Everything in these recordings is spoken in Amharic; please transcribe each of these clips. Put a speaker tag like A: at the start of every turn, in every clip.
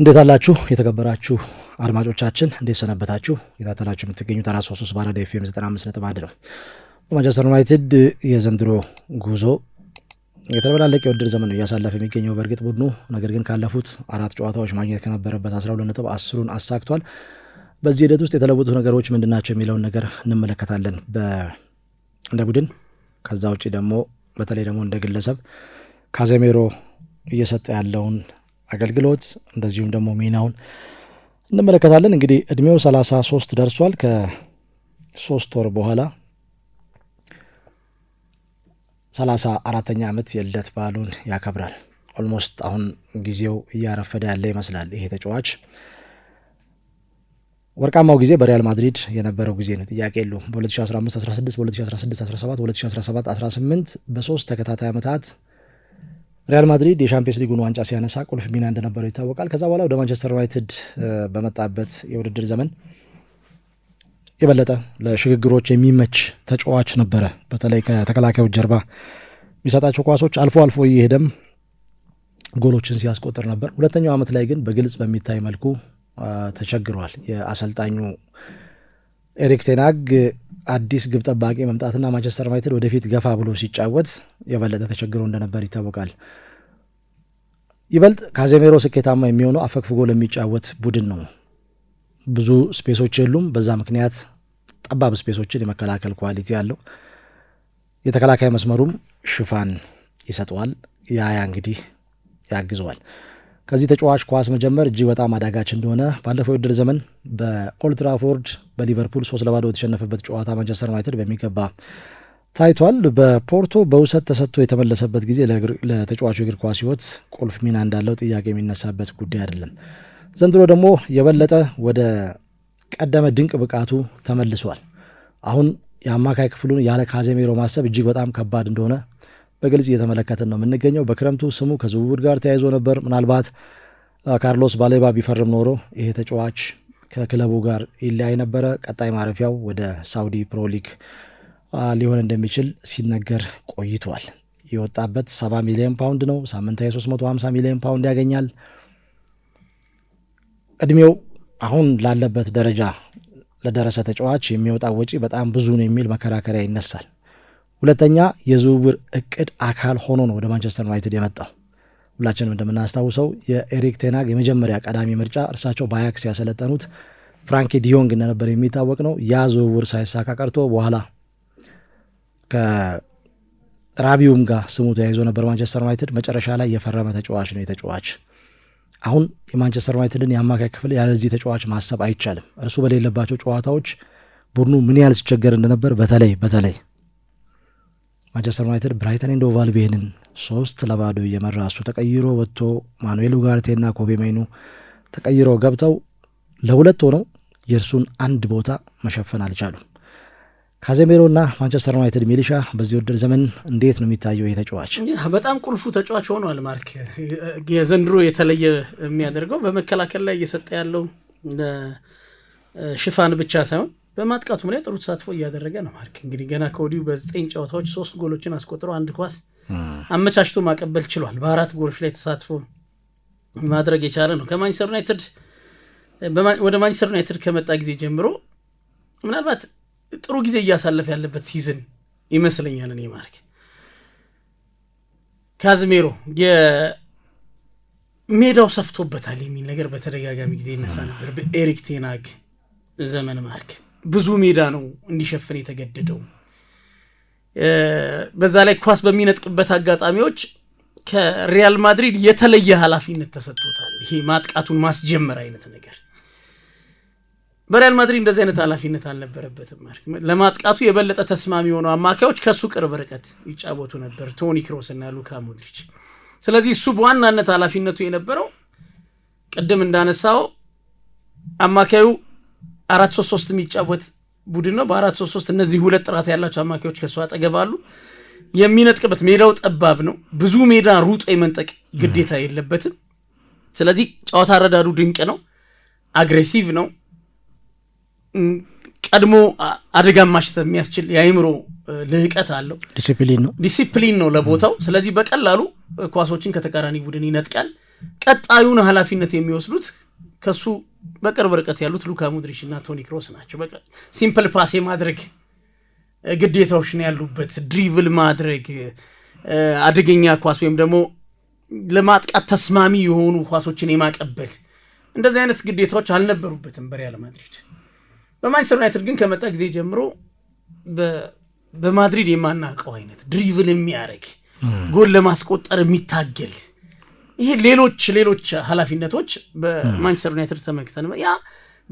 A: እንዴት አላችሁ? የተከበራችሁ አድማጮቻችን እንዴት ሰነበታችሁ? የታተላችሁ የምትገኙት አራት ሶስት ሶስት ባራዳ ኤፍ ኤም ዘጠና አምስት ነጥብ አንድ ነው። በማንቸስተር ዩናይትድ የዘንድሮ ጉዞ የተደበላለቀ የውድድር ዘመን ነው እያሳለፈ የሚገኘው። በእርግጥ ቡድኑ ነገር ግን ካለፉት አራት ጨዋታዎች ማግኘት ከነበረበት አስራ ሁለት ነጥብ አስሩን አሳክቷል። በዚህ ሂደት ውስጥ የተለወጡ ነገሮች ምንድን ናቸው የሚለውን ነገር እንመለከታለን እንደ ቡድን። ከዛ ውጭ ደግሞ በተለይ ደግሞ እንደ ግለሰብ ካዜሜሮ እየሰጠ ያለውን አገልግሎት እንደዚሁም ደግሞ ሚናውን እንመለከታለን። እንግዲህ እድሜው 33 ደርሷል። ከሶስት ወር በኋላ 34ተኛ ዓመት የልደት በዓሉን ያከብራል። ኦልሞስት አሁን ጊዜው እያረፈደ ያለ ይመስላል። ይሄ ተጫዋች ወርቃማው ጊዜ በሪያል ማድሪድ የነበረው ጊዜ ነው፣ ጥያቄ የለውም። በ2015 16 በ2016 17 በ2017 18 በሶስት ተከታታይ ዓመታት ሪያል ማድሪድ የሻምፒየንስ ሊጉን ዋንጫ ሲያነሳ ቁልፍ ሚና እንደነበረው ይታወቃል። ከዛ በኋላ ወደ ማንቸስተር ዩናይትድ በመጣበት የውድድር ዘመን የበለጠ ለሽግግሮች የሚመች ተጫዋች ነበረ። በተለይ ከተከላካዮች ጀርባ የሚሰጣቸው ኳሶች አልፎ አልፎ እየሄደም ጎሎችን ሲያስቆጥር ነበር። ሁለተኛው ዓመት ላይ ግን በግልጽ በሚታይ መልኩ ተቸግሯል። የአሰልጣኙ ኤሪክ ቴናግ አዲስ ግብ ጠባቂ መምጣትና ማንቸስተር ዩናይትድ ወደፊት ገፋ ብሎ ሲጫወት የበለጠ ተቸግሮ እንደነበር ይታወቃል። ይበልጥ ካዜሜሮ ስኬታማ የሚሆነው አፈግፍጎ ለሚጫወት ቡድን ነው። ብዙ ስፔሶች የሉም። በዛ ምክንያት ጠባብ ስፔሶችን የመከላከል ኳሊቲ አለው። የተከላካይ መስመሩም ሽፋን ይሰጠዋል። ያያ እንግዲህ ያግዘዋል። ከዚህ ተጫዋች ኳስ መጀመር እጅግ በጣም አዳጋች እንደሆነ ባለፈው ውድድር ዘመን በኦልትራፎርድ በሊቨርፑል ሶስት ለባዶ የተሸነፈበት ጨዋታ ማንቸስተር ዩናይትድ በሚገባ ታይቷል። በፖርቶ በውሰት ተሰጥቶ የተመለሰበት ጊዜ ለተጫዋቹ እግር ኳስ ሕይወት ቁልፍ ሚና እንዳለው ጥያቄ የሚነሳበት ጉዳይ አይደለም። ዘንድሮ ደግሞ የበለጠ ወደ ቀደመ ድንቅ ብቃቱ ተመልሷል። አሁን የአማካይ ክፍሉን ያለ ካዜሜሮ ማሰብ እጅግ በጣም ከባድ እንደሆነ በግልጽ እየተመለከትን ነው የምንገኘው። በክረምቱ ስሙ ከዝውውር ጋር ተያይዞ ነበር። ምናልባት ካርሎስ ባሌባ ቢፈርም ኖሮ ይሄ ተጫዋች ከክለቡ ጋር ይለያይ ነበረ። ቀጣይ ማረፊያው ወደ ሳውዲ ፕሮሊግ ሊሆን እንደሚችል ሲነገር ቆይቷል። የወጣበት 70 ሚሊዮን ፓውንድ ነው። ሳምንታዊ 350 ሚሊዮን ፓውንድ ያገኛል። እድሜው አሁን ላለበት ደረጃ ለደረሰ ተጫዋች የሚወጣ ወጪ በጣም ብዙ ነው የሚል መከራከሪያ ይነሳል። ሁለተኛ የዝውውር እቅድ አካል ሆኖ ነው ወደ ማንቸስተር ዩናይትድ የመጣው። ሁላችንም እንደምናስታውሰው የኤሪክ ቴናግ የመጀመሪያ ቀዳሚ ምርጫ እርሳቸው በአያክስ ያሰለጠኑት ፍራንኪ ዲዮንግ እንደነበር የሚታወቅ ነው። ያ ዝውውር ሳይሳካ ቀርቶ በኋላ ከራቢውም ጋር ስሙ ተያይዞ ነበር ማንቸስተር ዩናይትድ። መጨረሻ ላይ የፈረመ ተጫዋች ነው የተጫዋች አሁን የማንቸስተር ዩናይትድን የአማካይ ክፍል ያለዚህ ተጫዋች ማሰብ አይቻልም። እርሱ በሌለባቸው ጨዋታዎች ቡድኑ ምን ያህል ሲቸገር እንደነበር በተለይ በተለይ ማንቸስተር ዩናይትድ ብራይተን ኤንድ ኦቫል ሶስት ለባዶ እየመራ እሱ ተቀይሮ ወጥቶ ማኑኤል ኡጋርቴና ኮቤ ማይኑ ተቀይሮ ገብተው ለሁለት ሆነው የእርሱን አንድ ቦታ መሸፈን አልቻሉም። ካዜሜሮና ማንቸስተር ዩናይትድ ሚሊሻ በዚህ ውድድር ዘመን እንዴት ነው የሚታየው? ይህ ተጫዋች
B: በጣም ቁልፉ ተጫዋች ሆኗል። ማርክ የዘንድሮ የተለየ የሚያደርገው በመከላከል ላይ እየሰጠ ያለው ሽፋን ብቻ ሳይሆን በማጥቃቱም ላይ ጥሩ ተሳትፎ እያደረገ ነው። ማርክ እንግዲህ ገና ከወዲሁ በዘጠኝ ጨዋታዎች ሶስት ጎሎችን አስቆጥሮ አንድ ኳስ አመቻችቶ ማቀበል ችሏል። በአራት ጎሎች ላይ ተሳትፎ ማድረግ የቻለ ነው። ከማንቸስተር ዩናይትድ ወደ ማንቸስተር ዩናይትድ ከመጣ ጊዜ ጀምሮ ምናልባት ጥሩ ጊዜ እያሳለፈ ያለበት ሲዝን ይመስለኛል። እኔ ማርክ ካዝሜሮ የሜዳው ሰፍቶበታል የሚል ነገር በተደጋጋሚ ጊዜ ይነሳ ነበር በኤሪክ ቴናግ ዘመን ማርክ ብዙ ሜዳ ነው እንዲሸፍን የተገደደው። በዛ ላይ ኳስ በሚነጥቅበት አጋጣሚዎች ከሪያል ማድሪድ የተለየ ኃላፊነት ተሰጥቶታል። ይሄ ማጥቃቱን ማስጀመር አይነት ነገር በሪያል ማድሪድ እንደዚህ አይነት ኃላፊነት አልነበረበትም። ለማጥቃቱ የበለጠ ተስማሚ የሆኑ አማካዮች ከእሱ ቅርብ ርቀት ይጫወቱ ነበር፣ ቶኒ ክሮስ እና ሉካ ሞድሪች። ስለዚህ እሱ በዋናነት ኃላፊነቱ የነበረው ቅድም እንዳነሳው አማካዩ አራት ሶስት ሶስት የሚጫወት ቡድን ነው። በአራት ሶስት ሶስት እነዚህ ሁለት ጥራት ያላቸው አማካዮች ከሱ አጠገብ አሉ። የሚነጥቅበት ሜዳው ጠባብ ነው። ብዙ ሜዳ ሩጦ የመንጠቅ ግዴታ የለበትም። ስለዚህ ጨዋታ አረዳዱ ድንቅ ነው። አግሬሲቭ ነው። ቀድሞ አደጋ ማሽተት የሚያስችል የአይምሮ ልህቀት አለው። ዲሲፕሊን ነው ዲሲፕሊን ነው ለቦታው። ስለዚህ በቀላሉ ኳሶችን ከተቃራኒ ቡድን ይነጥቃል። ቀጣዩን ኃላፊነት የሚወስዱት ከሱ በቅርብ ርቀት ያሉት ሉካ ሙድሪች እና ቶኒ ክሮስ ናቸው። ሲምፕል ፓሴ ማድረግ ግዴታዎች ነው ያሉበት። ድሪቭል ማድረግ አደገኛ ኳስ ወይም ደግሞ ለማጥቃት ተስማሚ የሆኑ ኳሶችን የማቀበል እንደዚህ አይነት ግዴታዎች አልነበሩበትም በሪያል ማድሪድ። በማንቸስተር ዩናይትድ ግን ከመጣ ጊዜ ጀምሮ በማድሪድ የማናውቀው አይነት ድሪቭል የሚያደርግ ጎል ለማስቆጠር የሚታገል ይሄ ሌሎች ሌሎች ኃላፊነቶች በማንቸስተር ዩናይትድ ተመልክተን ያ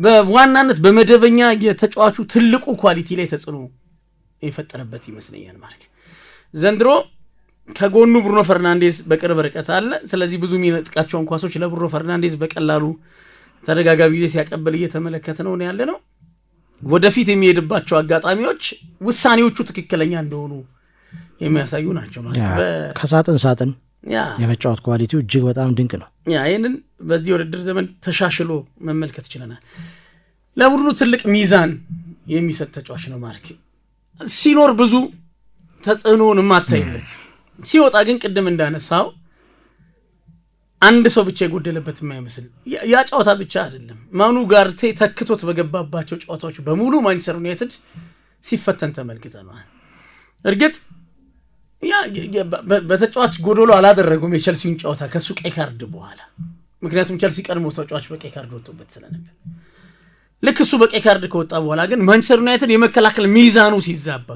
B: በዋናነት በመደበኛ የተጫዋቹ ትልቁ ኳሊቲ ላይ ተጽዕኖ የፈጠረበት ይመስለኛል። ማለት ዘንድሮ ከጎኑ ብሩኖ ፈርናንዴዝ በቅርብ ርቀት አለ። ስለዚህ ብዙ የሚነጥቃቸውን ኳሶች ለብሩኖ ፈርናንዴዝ በቀላሉ ተደጋጋሚ ጊዜ ሲያቀበል እየተመለከት ነው ያለ ነው። ወደፊት የሚሄድባቸው አጋጣሚዎች ውሳኔዎቹ ትክክለኛ እንደሆኑ የሚያሳዩ ናቸው
A: ማለት ከሳጥን ሳጥን የመጫወት ኳሊቲው እጅግ በጣም ድንቅ ነው።
B: ይህንን በዚህ ውድድር ዘመን ተሻሽሎ መመልከት ችለናል። ለቡድኑ ትልቅ ሚዛን የሚሰጥ ተጫዋች ነው። ማርክ ሲኖር ብዙ ተጽዕኖውን የማታይለት ሲወጣ ግን ቅድም እንዳነሳው አንድ ሰው ብቻ የጎደለበት የማይመስል ያ ጨዋታ ብቻ አይደለም። ማኑ ጋርቴ ተክቶት በገባባቸው ጨዋታዎች በሙሉ ማንቸስተር ዩናይትድ ሲፈተን ተመልክተነዋል። እርግጥ በተጫዋች ጎዶሎ አላደረጉም የቸልሲውን ጨዋታ ከእሱ ቀይ ካርድ በኋላ። ምክንያቱም ቸልሲ ቀድሞ ተጫዋች በቀይ ካርድ ወጥቶበት ስለነበር ልክ እሱ በቀይ ካርድ ከወጣ በኋላ ግን ማንቸስተር ዩናይትድ የመከላከል ሚዛኑ ሲዛባ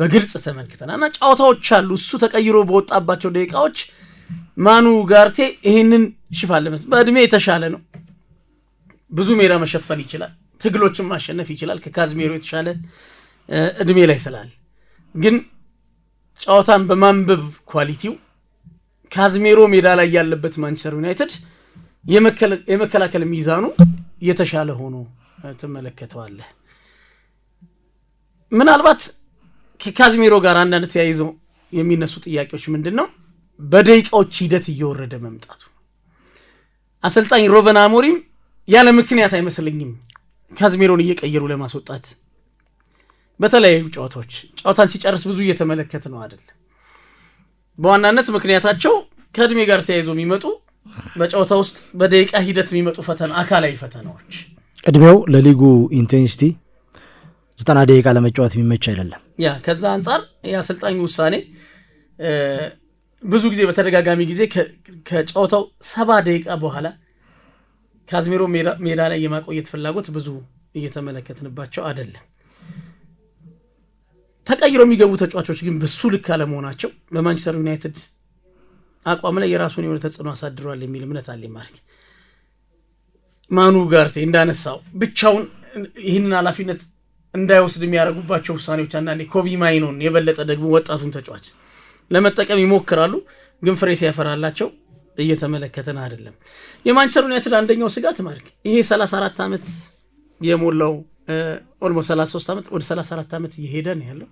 B: በግልጽ ተመልክተና እና ጨዋታዎች አሉ እሱ ተቀይሮ በወጣባቸው ደቂቃዎች ማኑ ጋርቴ ይህንን ሽፋን ለመስ በእድሜ የተሻለ ነው። ብዙ ሜዳ መሸፈን ይችላል። ትግሎችን ማሸነፍ ይችላል። ከካዝሜሮ የተሻለ እድሜ ላይ ስላል ግን ጨዋታን በማንበብ ኳሊቲው ካዝሜሮ ሜዳ ላይ ያለበት ማንቸስተር ዩናይትድ የመከላከል ሚዛኑ የተሻለ ሆኖ ትመለከተዋለህ። ምናልባት ከካዝሜሮ ጋር አንዳንድ ተያይዘው የሚነሱ ጥያቄዎች ምንድን ነው? በደቂቃዎች ሂደት እየወረደ መምጣቱ አሰልጣኝ ሮበን አሞሪም ያለ ምክንያት አይመስለኝም ካዝሜሮን እየቀየሩ ለማስወጣት በተለያዩ ጨዋታዎች ጨዋታን ሲጨርስ ብዙ እየተመለከት ነው አይደለም። በዋናነት ምክንያታቸው ከእድሜ ጋር ተያይዞ የሚመጡ በጨዋታ ውስጥ በደቂቃ ሂደት የሚመጡ ፈተና አካላዊ ፈተናዎች
A: እድሜው ለሊጉ ኢንቴንሲቲ ዘጠና ደቂቃ ለመጫወት የሚመች አይደለም።
B: ያ ከዛ አንጻር የአሰልጣኙ ውሳኔ ብዙ ጊዜ በተደጋጋሚ ጊዜ ከጨዋታው ሰባ ደቂቃ በኋላ ካዝሜሮ ሜዳ ላይ የማቆየት ፍላጎት ብዙ እየተመለከትንባቸው አይደለም። ተቀይረው የሚገቡ ተጫዋቾች ግን በሱ ልክ አለመሆናቸው በማንቸስተር ዩናይትድ አቋም ላይ የራሱን የሆነ ተጽዕኖ አሳድሯል የሚል እምነት አለ። ማድረግ ማኑ ጋርቴ እንዳነሳው ብቻውን ይህንን ኃላፊነት እንዳይወስድ የሚያደርጉባቸው ውሳኔዎች አንዳንዴ ኮቢ ማይኖን የበለጠ ደግሞ ወጣቱን ተጫዋች ለመጠቀም ይሞክራሉ፣ ግን ፍሬ ሲያፈራላቸው እየተመለከተን አይደለም። የማንቸስተር ዩናይትድ አንደኛው ስጋት ማድረግ ይሄ 34 ዓመት የሞላው ኦልሞ 33 ዓመት ወደ 34 ዓመት እየሄደ ነው ያለው።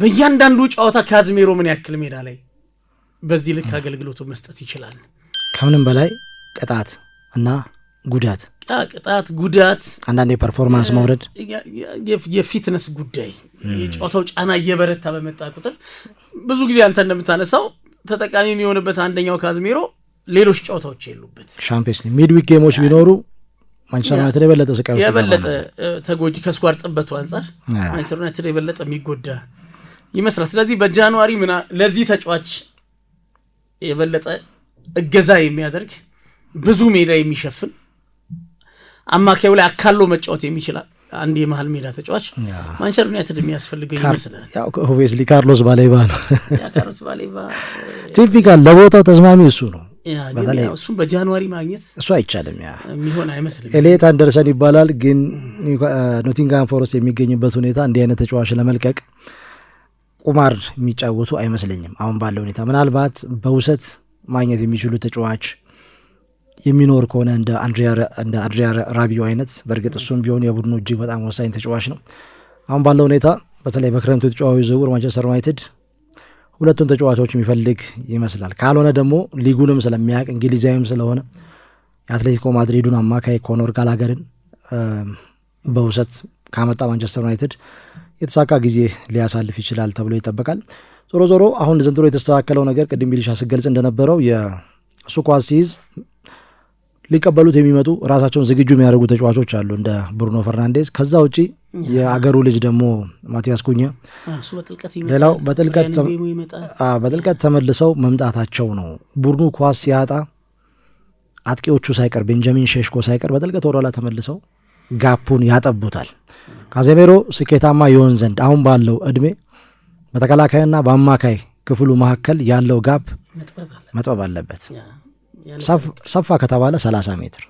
B: በእያንዳንዱ ጨዋታ ካዝሜሮ ምን ያክል ሜዳ ላይ በዚህ ልክ አገልግሎቱ መስጠት ይችላል?
A: ከምንም በላይ ቅጣት እና ጉዳት
B: ቅጣት፣ ጉዳት፣
A: አንዳንድ የፐርፎርማንስ መውረድ፣
B: የፊትነስ ጉዳይ፣ የጨዋታው ጫና እየበረታ በመጣ ቁጥር ብዙ ጊዜ አንተ እንደምታነሳው ተጠቃሚ የሚሆንበት አንደኛው ካዝሜሮ ሌሎች ጨዋታዎች የሉበት
A: ሻምፒዮንስ ሚድዊክ ጌሞች ቢኖሩ ማንቸስተር ዩናይትድ የበለጠ ስቃ
B: የበለጠ ተጎጂ ከስኳር ጥበቱ አንጻር ማንቸስተር ዩናይትድ የበለጠ የሚጎዳ ይመስላል። ስለዚህ በጃንዋሪ ምና ለዚህ ተጫዋች የበለጠ እገዛ የሚያደርግ ብዙ ሜዳ የሚሸፍን አማካዩ ላይ አካሎ መጫወት የሚችላል አንድ የመሀል ሜዳ ተጫዋች ማንቸስተር ዩናይትድ የሚያስፈልገው ይመስላል።
A: ኦብቪየስሊ ካርሎስ ባሌባ ነው። ቲፒካል ለቦታው ተስማሚ እሱ ነው።
B: እሱም በጃንዋሪ ማግኘት
A: እሱ አይቻልም። ያ የሚሆን አይመስልም። ኤሌት አንደርሰን ይባላል። ግን ኖቲንግሃም ፎረስት የሚገኝበት ሁኔታ እንዲህ አይነት ተጫዋች ለመልቀቅ ቁማር የሚጫወቱ አይመስለኝም። አሁን ባለው ሁኔታ ምናልባት በውሰት ማግኘት የሚችሉ ተጫዋች የሚኖር ከሆነ እንደ አንድሪያ ራቢዮ አይነት፣ በእርግጥ እሱም ቢሆን የቡድኑ እጅግ በጣም ወሳኝ ተጫዋች ነው። አሁን ባለው ሁኔታ በተለይ በክረምቱ የተጫዋቹ ዝውውር ማንቸስተር ዩናይትድ ሁለቱን ተጫዋቾች የሚፈልግ ይመስላል። ካልሆነ ደግሞ ሊጉንም ስለሚያውቅ እንግሊዛዊም ስለሆነ የአትሌቲኮ ማድሪዱን አማካይ ኮኖር ጋላገርን በውሰት ካመጣ ማንቸስተር ዩናይትድ የተሳካ ጊዜ ሊያሳልፍ ይችላል ተብሎ ይጠበቃል። ዞሮ ዞሮ አሁን ዘንድሮ የተስተካከለው ነገር ቅድም ቢልሻ ስገልጽ እንደነበረው የእሱ ኳስ ሲይዝ ሊቀበሉት የሚመጡ ራሳቸውን ዝግጁ የሚያደርጉ ተጫዋቾች አሉ እንደ ብሩኖ ፈርናንዴዝ። ከዛ ውጪ የአገሩ ልጅ ደግሞ ማቲያስ ኩኛ ሌላው በጥልቀት ተመልሰው መምጣታቸው ነው። ቡድኑ ኳስ ሲያጣ አጥቂዎቹ ሳይቀር ቤንጃሚን ሼሽኮ ሳይቀር በጥልቀት ወደኋላ ተመልሰው ጋፑን ያጠቡታል። ካዜሜሮ ስኬታማ ይሆን ዘንድ አሁን ባለው እድሜ በተከላካይና በአማካይ ክፍሉ መካከል ያለው ጋፕ መጥበብ አለበት። ሰፋ ከተባለ 30 ሜትር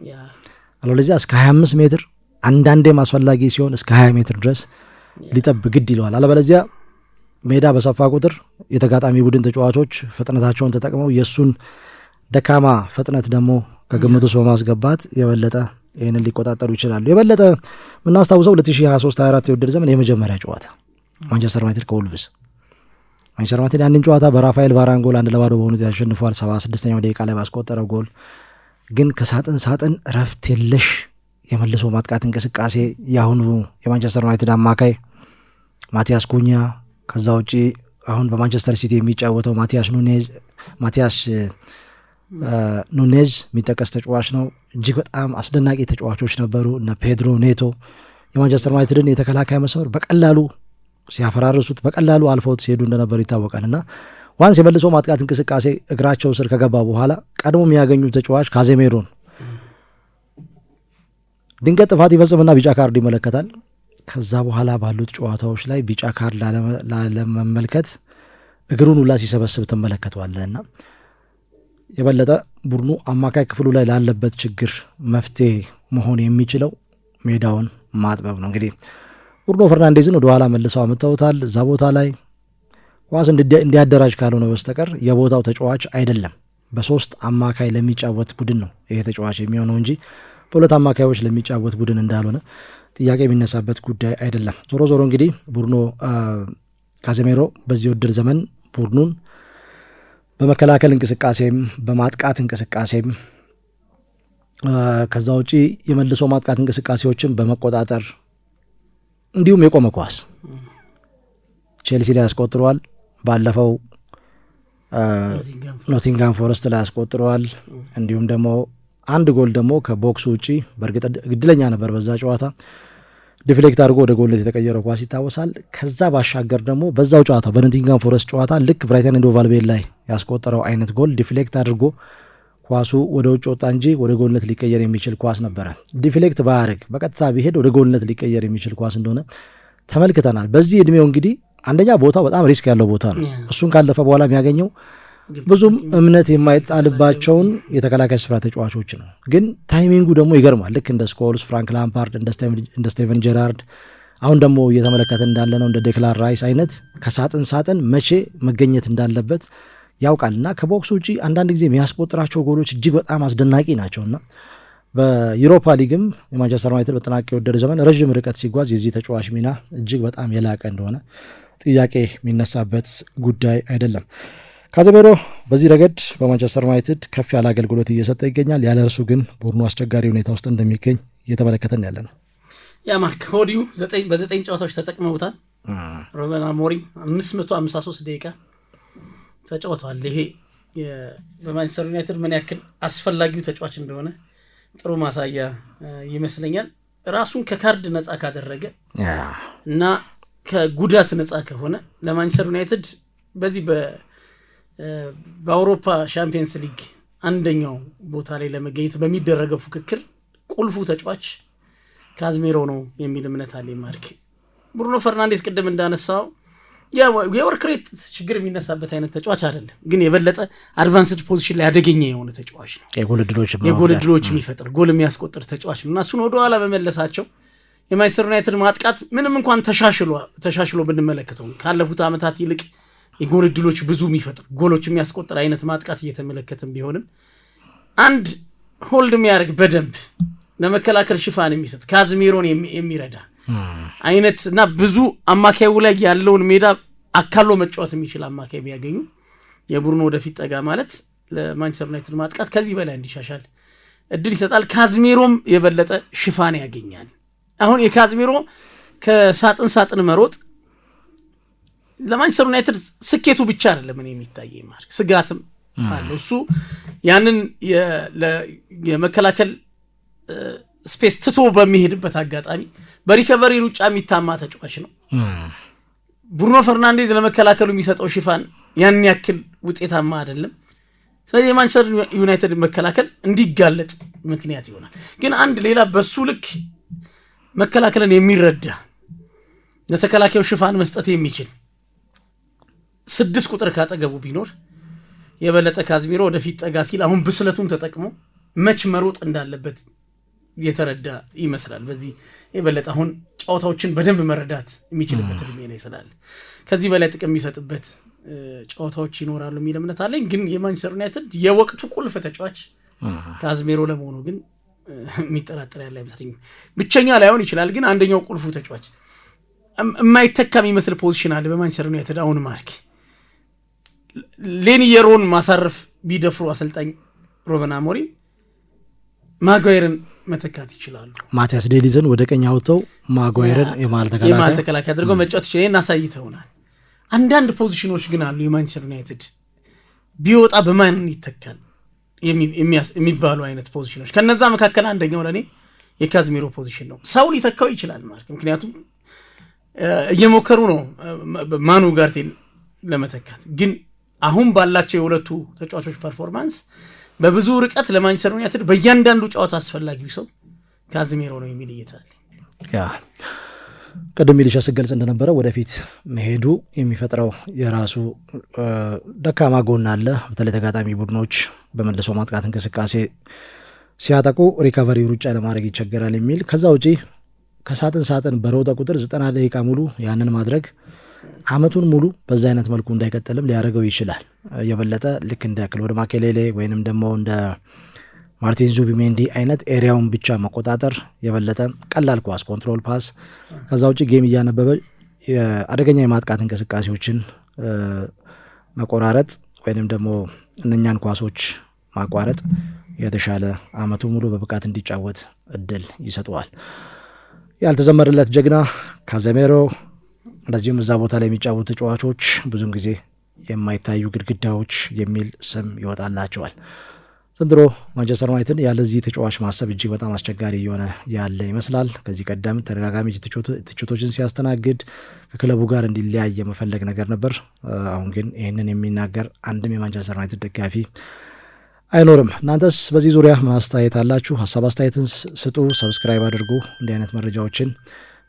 A: አለበለዚያ እስከ 25 ሜትር አንዳንዴም አስፈላጊ ሲሆን እስከ ሀያ ሜትር ድረስ ሊጠብ ግድ ይለዋል። አለበለዚያ ሜዳ በሰፋ ቁጥር የተጋጣሚ ቡድን ተጫዋቾች ፍጥነታቸውን ተጠቅመው የእሱን ደካማ ፍጥነት ደግሞ ከግምት ውስጥ በማስገባት የበለጠ ይህንን ሊቆጣጠሩ ይችላሉ። የበለጠ የምናስታውሰው 2023/24 የውድድር ዘመን የመጀመሪያ ጨዋታ ማንቸስተር ዩናይትድ ከወልቭስ ማንቸስተር ዩናይትድ ያንን ጨዋታ በራፋኤል ቫራን ጎል አንድ ለባዶ በሆኑ ያሸንፏል ሰባ ስድስተኛው ደቂቃ ላይ ባስቆጠረው ጎል ግን ከሳጥን ሳጥን እረፍት የለሽ የመልሶ ማጥቃት እንቅስቃሴ የአሁኑ የማንቸስተር ዩናይትድ አማካይ ማቲያስ ኩኛ፣ ከዛ ውጪ አሁን በማንቸስተር ሲቲ የሚጫወተው ማቲያስ ኑኔዝ ማቲያስ ኑኔዝ የሚጠቀስ ተጫዋች ነው። እጅግ በጣም አስደናቂ ተጫዋቾች ነበሩ። እነ ፔድሮ ኔቶ የማንቸስተር ዩናይትድን የተከላካይ መስመር በቀላሉ ሲያፈራርሱት፣ በቀላሉ አልፈውት ሲሄዱ እንደነበሩ ይታወቃል እና ዋንስ የመልሶ ማጥቃት እንቅስቃሴ እግራቸው ስር ከገባ በኋላ ቀድሞ የሚያገኙ ተጫዋች ካዜሜሮን ድንገት ጥፋት ይፈጽምና ቢጫ ካርድ ይመለከታል። ከዛ በኋላ ባሉት ጨዋታዎች ላይ ቢጫ ካርድ ላለመመልከት እግሩን ሁላ ሲሰበስብ ትመለከተዋለህ እና የበለጠ ቡድኑ አማካይ ክፍሉ ላይ ላለበት ችግር መፍትሄ መሆን የሚችለው ሜዳውን ማጥበብ ነው። እንግዲህ ቡርኖ ፈርናንዴዝን ወደኋላ መልሰው አምጥተውታል። እዛ ቦታ ላይ ኳስ እንዲያደራጅ ካልሆነ በስተቀር የቦታው ተጫዋች አይደለም። በሶስት አማካይ ለሚጫወት ቡድን ነው ይሄ ተጫዋች የሚሆነው እንጂ በሁለት አማካዮች ለሚጫወት ቡድን እንዳልሆነ ጥያቄ የሚነሳበት ጉዳይ አይደለም። ዞሮ ዞሮ እንግዲህ ቡድኖ ካዜሜሮ በዚህ ውድድር ዘመን ቡድኑን በመከላከል እንቅስቃሴም በማጥቃት እንቅስቃሴም ከዛ ውጪ የመልሶ ማጥቃት እንቅስቃሴዎችን በመቆጣጠር እንዲሁም የቆመ ኳስ ቼልሲ ላይ አስቆጥረዋል። ባለፈው ኖቲንጋም ፎረስት ላይ አስቆጥረዋል። እንዲሁም ደግሞ አንድ ጎል ደግሞ ከቦክስ ውጪ በእርግጥ እድለኛ ነበር በዛ ጨዋታ ዲፍሌክት አድርጎ ወደ ጎልነት የተቀየረው ኳስ ይታወሳል። ከዛ ባሻገር ደግሞ በዛው ጨዋታ በኖቲንጋም ፎረስት ጨዋታ ልክ ብራይተን ኤንድ ሆቭ አልቢዮን ላይ ያስቆጠረው አይነት ጎል ዲፍሌክት አድርጎ ኳሱ ወደ ውጭ ወጣ እንጂ ወደ ጎልነት ሊቀየር የሚችል ኳስ ነበረ። ዲፍሌክት ባያደርግ በቀጥታ ቢሄድ ወደ ጎልነት ሊቀየር የሚችል ኳስ እንደሆነ ተመልክተናል። በዚህ እድሜው እንግዲህ አንደኛ ቦታው በጣም ሪስክ ያለው ቦታ ነው። እሱን ካለፈ በኋላ የሚያገኘው ብዙም እምነት የማይጣልባቸውን የተከላካይ ስፍራ ተጫዋቾች ነው። ግን ታይሚንጉ ደግሞ ይገርማል። ልክ እንደ ስኮልስ፣ ፍራንክ ላምፓርድ፣ እንደ ስቴቨን ጀራርድ አሁን ደግሞ እየተመለከተ እንዳለ ነው እንደ ዴክላን ራይስ አይነት ከሳጥን ሳጥን መቼ መገኘት እንዳለበት ያውቃል እና ከቦክስ ውጪ አንዳንድ ጊዜ የሚያስቆጥራቸው ጎሎች እጅግ በጣም አስደናቂ ናቸው እና በዩሮፓ ሊግም የማንቸስተር ዩናይትድ በጠናቀ የወደድ ዘመን ረዥም ርቀት ሲጓዝ የዚህ ተጫዋች ሚና እጅግ በጣም የላቀ እንደሆነ ጥያቄ የሚነሳበት ጉዳይ አይደለም። ካዘሜሮ በዚህ ረገድ በማንቸስተር ዩናይትድ ከፍ ያለ አገልግሎት እየሰጠ ይገኛል። ያለ እርሱ ግን ቡድኑ አስቸጋሪ ሁኔታ ውስጥ እንደሚገኝ እየተመለከተን ያለ ነው።
B: ያ ማርክ ወዲሁ በዘጠኝ ጨዋታዎች ተጠቅመውታል። ሩበን አሞሪም አምስት መቶ አምሳ ሶስት ደቂቃ ተጫውተዋል። ይሄ በማንቸስተር ዩናይትድ ምን ያክል አስፈላጊው ተጫዋች እንደሆነ ጥሩ ማሳያ ይመስለኛል። ራሱን ከካርድ ነፃ ካደረገ እና ከጉዳት ነፃ ከሆነ ለማንቸስተር ዩናይትድ በዚህ በአውሮፓ ሻምፒየንስ ሊግ አንደኛው ቦታ ላይ ለመገኘት በሚደረገው ፉክክር ቁልፉ ተጫዋች ካዝሜሮ ነው የሚል እምነት አለ። ማርክ ብሩኖ ፈርናንዴስ ቅድም እንዳነሳው የወርክ ሬት ችግር የሚነሳበት አይነት ተጫዋች አይደለም፣ ግን የበለጠ አድቫንስድ ፖዚሽን ላይ አደገኛ የሆነ ተጫዋች ነው። የጎል እድሎች የሚፈጥር ጎል የሚያስቆጥር ተጫዋች ነው እና እሱን ወደኋላ በመለሳቸው የማንችስተር ዩናይትድ ማጥቃት ምንም እንኳን ተሻሽሎ ብንመለከተው ካለፉት ዓመታት ይልቅ የጎል እድሎች ብዙ የሚፈጥር ጎሎች የሚያስቆጥር አይነት ማጥቃት እየተመለከትም ቢሆንም አንድ ሆልድ የሚያደርግ በደንብ ለመከላከል ሽፋን የሚሰጥ ካዝሜሮን የሚረዳ አይነት እና ብዙ አማካዩ ላይ ያለውን ሜዳ አካሎ መጫወት የሚችል አማካይ ቢያገኙ የቡድኑ ወደፊት ጠጋ ማለት ለማንቸስተር ዩናይትድ ማጥቃት ከዚህ በላይ እንዲሻሻል እድል ይሰጣል። ካዝሜሮም የበለጠ ሽፋን ያገኛል። አሁን የካዝሜሮ ከሳጥን ሳጥን መሮጥ ለማንቸስተር ዩናይትድ ስኬቱ ብቻ አይደለም እኔ የሚታየ ማርክ ስጋትም አለ እሱ ያንን የመከላከል ስፔስ ትቶ በሚሄድበት አጋጣሚ በሪከቨሪ ሩጫ የሚታማ ተጫዋች ነው። ብሩኖ ፈርናንዴዝ ለመከላከሉ የሚሰጠው ሽፋን ያንን ያክል ውጤታማ አይደለም። ስለዚህ የማንቸስተር ዩናይትድ መከላከል እንዲጋለጥ ምክንያት ይሆናል። ግን አንድ ሌላ በሱ ልክ መከላከልን የሚረዳ ለተከላካዩ ሽፋን መስጠት የሚችል ስድስት ቁጥር ካጠገቡ ቢኖር የበለጠ ካዝሚሮ ወደፊት ጠጋ ሲል አሁን ብስለቱን ተጠቅሞ መች መሮጥ እንዳለበት የተረዳ ይመስላል። በዚህ የበለጠ አሁን ጨዋታዎችን በደንብ መረዳት የሚችልበት እድሜ ላይ ስላለ ከዚህ በላይ ጥቅም የሚሰጥበት ጨዋታዎች ይኖራሉ የሚል እምነት አለኝ። ግን የማንቸስተር ዩናይትድ የወቅቱ ቁልፍ ተጫዋች ካዝሜሮ ለመሆኑ ግን የሚጠራጠር ያለ አይመስለኝ። ብቸኛ ላይሆን ይችላል፣ ግን አንደኛው ቁልፉ ተጫዋች የማይተካ የሚመስል ፖዚሽን አለ በማንቸስተር ዩናይትድ አሁን ማርክ ሌኒየሮን ማሳረፍ ቢደፍሩ አሰልጣኝ ሮበን አሞሪ ማጓየርን መተካት ይችላሉ።
A: ማቲያስ ዴሊዘን ወደ ቀኝ አውጥተው ማጓየርን የመሀል
B: ተከላካይ አድርገው መጫወት ይችላል። ይህን አሳይተውናል። አንዳንድ ፖዚሽኖች ግን አሉ የማንቸስተር ዩናይትድ ቢወጣ በማን ይተካል የሚባሉ አይነት ፖዚሽኖች። ከነዛ መካከል አንደኛው ለእኔ የካዝሚሮ ፖዚሽን ነው። ሰው ሊተካው ይችላል ማለት ምክንያቱም እየሞከሩ ነው ማኑ ጋርቴን ለመተካት ግን አሁን ባላቸው የሁለቱ ተጫዋቾች ፐርፎርማንስ በብዙ ርቀት ለማንቸስተር ዩናይትድ በእያንዳንዱ ጨዋታ አስፈላጊው ሰው ካዝሜሮ ነው የሚል እይታል።
A: ቅድም ሊሻ ስገልጽ እንደነበረ ወደፊት መሄዱ የሚፈጥረው የራሱ ደካማ ጎን አለ። በተለይ ተጋጣሚ ቡድኖች በመልሶ ማጥቃት እንቅስቃሴ ሲያጠቁ ሪካቨሪ ሩጫ ለማድረግ ይቸገራል የሚል ከዛ ውጪ ከሳጥን ሳጥን በሮጠ ቁጥር ዘጠና ደቂቃ ሙሉ ያንን ማድረግ አመቱን ሙሉ በዛ አይነት መልኩ እንዳይቀጥልም ሊያደርገው ይችላል። የበለጠ ልክ እንደ ክሎድ ማኬሌሌ ወይንም ደግሞ እንደ ማርቲን ዙቢሜንዲ አይነት ኤሪያውን ብቻ መቆጣጠር የበለጠ ቀላል ኳስ ኮንትሮል ፓስ፣ ከዛ ውጭ ጌም እያነበበ አደገኛ የማጥቃት እንቅስቃሴዎችን መቆራረጥ ወይንም ደግሞ እነኛን ኳሶች ማቋረጥ የተሻለ አመቱ ሙሉ በብቃት እንዲጫወት እድል ይሰጠዋል። ያልተዘመረለት ጀግና ካዘሜሮ እንደዚሁም እዛ ቦታ ላይ የሚጫወቱ ተጫዋቾች ብዙን ጊዜ የማይታዩ ግድግዳዎች የሚል ስም ይወጣላቸዋል። ዘንድሮ ማንቸስተር ዩናይትድ ያለዚህ ተጫዋች ማሰብ እጅግ በጣም አስቸጋሪ እየሆነ ያለ ይመስላል። ከዚህ ቀደም ተደጋጋሚ ትችቶችን ሲያስተናግድ ከክለቡ ጋር እንዲለያይ የመፈለግ ነገር ነበር። አሁን ግን ይህንን የሚናገር አንድም የማንቸስተር ዩናይትድ ደጋፊ አይኖርም። እናንተስ በዚህ ዙሪያ ምን አስተያየት አላችሁ? ሀሳብ አስተያየትን ስጡ፣ ሰብስክራይብ አድርጉ። እንዲህ አይነት መረጃዎችን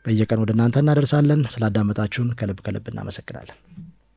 A: በየቀን ወደ እናንተ እናደርሳለን። ስላዳመጣችሁን ከልብ ከልብ እናመሰግናለን።